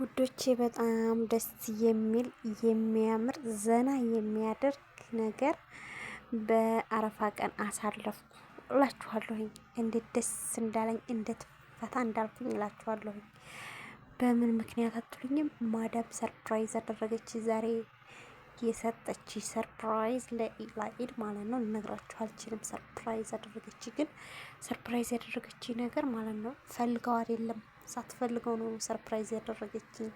ውዶቼ በጣም ደስ የሚል የሚያምር ዘና የሚያደርግ ነገር በአረፋ ቀን አሳለፍኩ እላችኋለሁኝ። እንዴት ደስ እንዳለኝ እንዴት ፈታ እንዳልኩኝ እላችኋለሁኝ። በምን ምክንያት አትሉኝም? ማዳም ሰርፕራይዝ አደረገች። ዛሬ የሰጠች ሰርፕራይዝ ለኢላኢድ ማለት ነው። ልነግራችሁ አልችልም። ሰርፕራይዝ አደረገች። ግን ሰርፕራይዝ ያደረገች ነገር ማለት ነው ፈልገው አይደለም ሳትፈልገው ነው ሰርፕራይዝ ያደረገችኝ።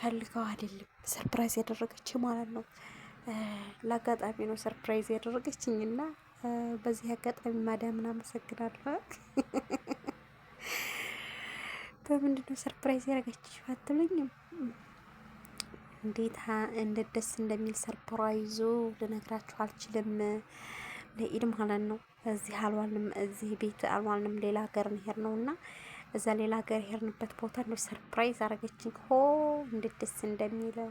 ፈልገው አይደለም ሰርፕራይዝ ያደረገች ማለት ነው። ለአጋጣሚ ነው ሰርፕራይዝ ያደረገችኝ እና በዚህ አጋጣሚ ማዳምን አመሰግናለሁ። በምንድን ነው ሰርፕራይዝ ያደረገች አትለኝም? እንዴት እንደ ደስ እንደሚል ሰርፕራይዙ ልነግራችሁ አልችልም። ለኢድ ማለት ነው። እዚህ አልዋልንም፣ እዚህ ቤት አልዋልንም። ሌላ ሀገር ነው እና እዛ ሌላ ሀገር የሄድንበት ቦታ እንደ ሰርፕራይዝ አረገችኝ። ሆ እንዴት ደስ እንደሚለው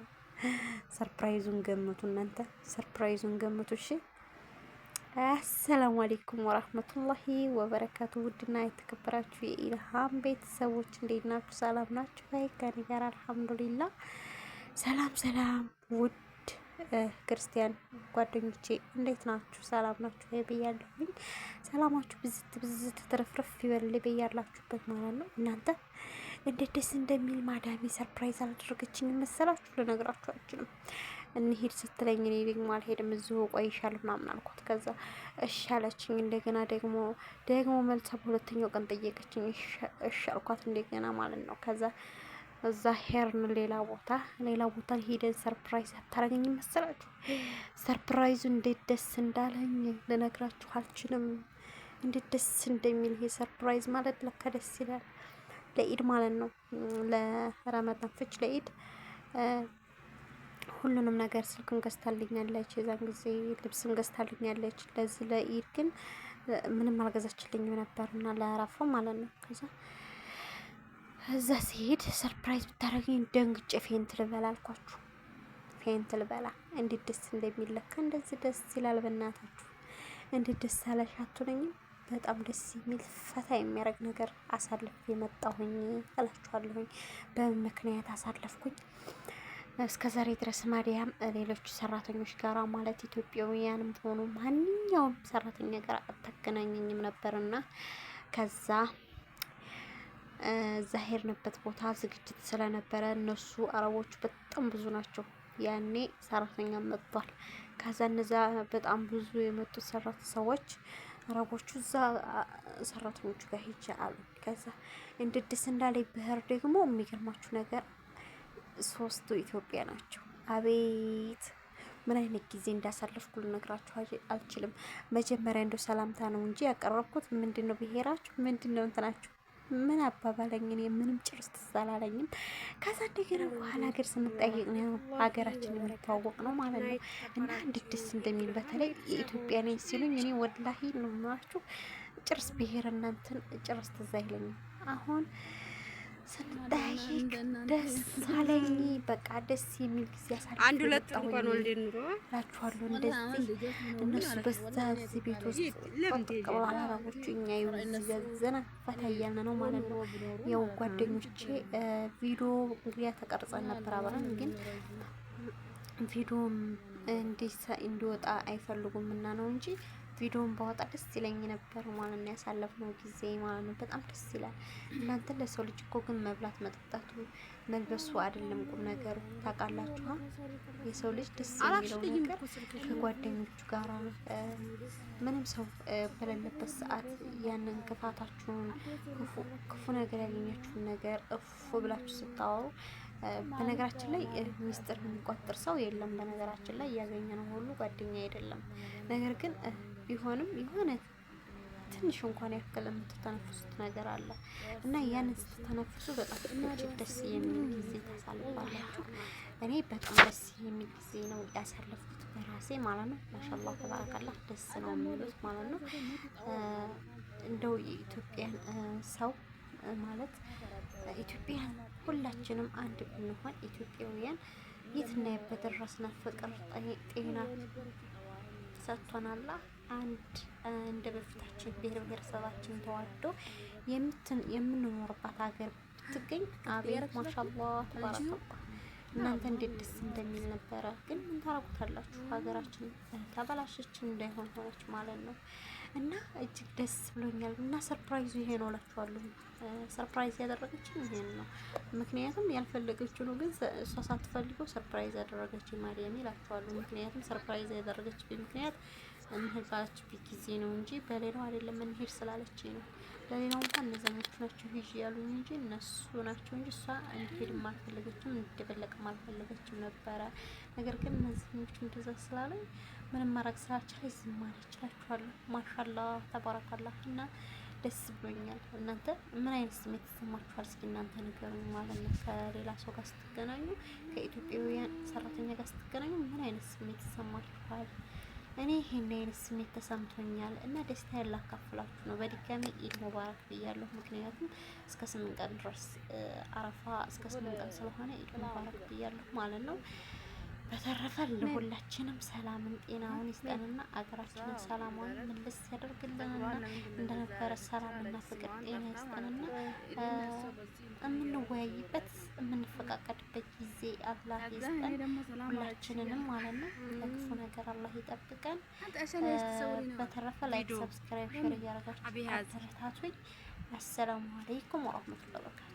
ሰርፕራይዙን ገምቱ እናንተ፣ ሰርፕራይዙን ገምቱ። እሺ አሰላሙ አሌይኩም ወራህመቱላሂ ወበረካቱ። ውድና የተከበራችሁ የኢልሃም ቤተሰቦች እንዴት ናችሁ? ሰላም ናችሁ? ሀይ ከኔ ጋር አልሐምዱሊላ። ሰላም ሰላም፣ ውድ ክርስቲያን ጓደኞቼ እንዴት ናችሁ? ሰላም ናችሁ? ይ ብያለሁኝ ሰላማችሁ ብዝት ብዝት ትርፍርፍ ይበል በያላችሁበት ማለት ነው። እናንተ እንዴት ደስ እንደሚል ማዳሚ ሰርፕራይዝ አላደረገችኝ መሰላችሁ? ልነግራችሁ አልችልም። እንሄድ ስትለኝ እኔ ደግሞ አልሄድም እዚሁ ቆይሻል ምናምን አልኳት። ከዛ እሺ አለችኝ። እንደገና ደግሞ ደግሞ መልሰ በሁለተኛው ቀን ጠየቀችኝ። እሺ አልኳት እንደገና ማለት ነው። ከዛ እዛ ሄርን ሌላ ቦታ ሌላ ቦታ ሄደን ሰርፕራይዝ አታረገኝ መሰላችሁ? ሰርፕራይዙ እንዴት ደስ እንዳለኝ ልነግራችሁ አልችልም። እንዴት ደስ እንደሚል ይሄ ሰርፕራይዝ ማለት ለካ ደስ ይላል። ለኢድ ማለት ነው ለረመዳን ፍች ለኢድ ሁሉንም ነገር ስልክም ገዝታልኛለች፣ የዛን ጊዜ ልብስም ገዝታልኛለች። ለዚህ ለኢድ ግን ምንም አልገዛችልኝም ነበር እና ለአረፋው ማለት ነው። ከዛ እዛ ሲሄድ ሰርፕራይዝ ብታደረግኝ ደንግጬ ፌንት ልበላ አልኳችሁ። ፌንት ልበላ እንዴት ደስ እንደሚለካ እንደዚህ ደስ ይላል። በእናታችሁ እንዴት ደስ አላሻቱነኝም በጣም ደስ የሚል ፈታ የሚያደርግ ነገር አሳልፍ የመጣሁኝ እላችኋለሁኝ። በምን ምክንያት አሳለፍኩኝ? እስከ ዛሬ ድረስ ማዲያም ሌሎች ሰራተኞች ጋራ ማለት ኢትዮጵያውያንም ሆኑ ማንኛውም ሰራተኛ ጋር አታገናኘኝም ነበርና ከዛ እዛ ሄድንበት ቦታ ዝግጅት ስለነበረ እነሱ አረቦቹ በጣም ብዙ ናቸው። ያኔ ሰራተኛ መጥቷል። ከዛ እነዛ በጣም ብዙ የመጡት ሰራተ ሰዎች አረቦቹ እዛ ሰራተኞቹ ጋር አሉ። ከዛ እንድድስ እንዳለ ብህር ደግሞ የሚገርማችሁ ነገር ሶስቱ ኢትዮጵያ ናቸው። አቤት ምን አይነት ጊዜ እንዳሳለፍኩ ልነግራችሁ አልችልም። መጀመሪያ እንደው ሰላምታ ነው እንጂ ያቀረብኩት ምንድን ነው ብሄራችሁ ምንድን ነው እንትናችሁ ምን አባባለኝ እኔ ምንም ጭርስ ትዝ ከዛ እንደገና በኋላ ሀገር ስንጠይቅ ነው ሀገራችን የምንተዋወቅ ነው ማለት ነው። እና እንዴት ደስ እንደሚል በተለይ የኢትዮጵያ ነኝ ሲሉኝ እኔ ወላሂ ነው የምላችሁ ጭርስ ብሄር እናንትን ጭርስ ትዝ አይለኝም አሁን ስንጠያየቅ ደስ አለኝ። በቃ ደስ የሚል ጊዜ ያሳልፍ። አንድ ሁለት እንኳን ወልደን ኑሮ እላችኋለሁ። እንደዚህ እነሱ በዛ ቤት ውስጥ በቀበላ አረቦቹ እኛ ይዘዘና ፈታ እያልን ነው ማለት ነው። ያው ጓደኞቼ ቪዲዮ እንግዲያ ተቀርጸን ነበር አብረን ግን ቪዲዮም እንዲወጣ አይፈልጉም እና ነው እንጂ ቪዲዮን ባወጣ ደስ ይለኝ ነበር ማለት ነው። ያሳለፍነው ጊዜ ማለት ነው በጣም ደስ ይላል። እናንተ ለሰው ልጅ እኮ ግን መብላት መጠጣቱ መልበሱ አይደለም ቁም ነገሩ ታውቃላችሁ። የሰው ልጅ ደስ የሚለው ነገር ከጓደኞቹ ጋር ምንም ሰው በሌለበት ሰዓት ያንን ክፋታችሁን፣ ክፉ ነገር ያገኛችሁን ነገር እፉ ብላችሁ ስታወሩ በነገራችን ላይ ሚስጥር የሚቆጥር ሰው የለም። በነገራችን ላይ እያገኘ ነው ሁሉ ጓደኛ አይደለም ነገር ግን ቢሆንም የሆነ ትንሽ እንኳን ያክል የምትተነፍሱት ነገር አለ እና ያንን ስትተነፍሱ በጣም እጅግ ደስ የሚል ጊዜ ታሳልፋላችሁ። እኔ በጣም ደስ የሚል ጊዜ ነው ያሳለፍኩት በራሴ ማለት ነው። ማሻላ ተባረካላ ደስ ነው የሚሉት ማለት ነው። እንደው የኢትዮጵያን ሰው ማለት ኢትዮጵያን ሁላችንም አንድ ብንሆን ኢትዮጵያውያን የት እናየበት ደረስና ፍቅር፣ ጤና ሰጥቶናላ። አንድ እንደ በፊታችን ብሔር ብሔረሰባችን ተዋዶ የምንኖርባት ሀገር ብትገኝ አቤት ማሻላ ተባረከባ። እናንተ እንዴት ደስ እንደሚል ነበረ። ግን ምን ታረጉታላችሁ? ሀገራችን ተበላሸችን እንዳይሆን ሆነች ማለት ነው። እና እጅግ ደስ ብሎኛል። እና ሰርፕራይዙ ይሄ ነው እላችኋለሁ። ሰርፕራይዝ ያደረገችን ይሄን ነው። ምክንያቱም ያልፈለገችው ነው፣ ግን እሷ ሳትፈልገው ሰርፕራይዝ ያደረገችው ማርያም እላችኋለሁ። ምክንያቱም ሰርፕራይዝ ያደረገችብኝ ምክንያት እንሂድ ጊዜ ነው እንጂ በሌላው አይደለም እንሄድ ስላለች ነው። ለሌላው እንኳን እነዛኞቹ ናቸው ሂጂ ያሉኝ እንጂ እነሱ ናቸው እንጂ እሷ እንድሄድም አልፈለገችም እንድበለቅም አልፈለገችም ነበረ። ነገር ግን እነዚህኞቹ እንደዛ ስላለኝ ምንም ማድረግ ስላልቻለች ዝም አለች ማሻላ ተባረካላ እና ደስ ብሎኛል። እናንተ ምን አይነት ስሜት ተሰማችኋል? እስኪ እናንተ ንገሩኝ ማለት ነው። ከሌላ ሰው ጋር ስትገናኙ፣ ከኢትዮጵያውያን ሰራተኛ ጋር ስትገናኙ ምን አይነት ስሜት ተሰማችኋል? እኔ ይህን አይነት ስሜት ተሰምቶኛል እና ደስታ ላካፍላችሁ ነው። በድጋሚ ኢድ ሙባረክ ብያለሁ። ምክንያቱም እስከ ስምንት ቀን ድረስ አረፋ እስከ ስምንት ቀን ስለሆነ ኢድ ሙባረክ ብያለሁ ማለት ነው። በተረፈ ለሁላችንም ሰላምን ጤናውን ይስጠንና አገራችንን ሰላሟን መልስ ያደርግልንና እንደነበረ ሰላምና ፍቅር ጤና ይስጠንና የምንወያይበት የምንፈቃቀድበት ጊዜ አላህ ይስጠን፣ ሁላችንንም ማለት ነው። ለክፉ ነገር አላህ ይጠብቀን። በተረፈ ላይክ፣ ሰብስክራይብ፣ ሼር እያደረጋችሁ አበረታቱኝ። አሰላሙ አለይኩም ወረህመቱላሂ ወበረካቱህ።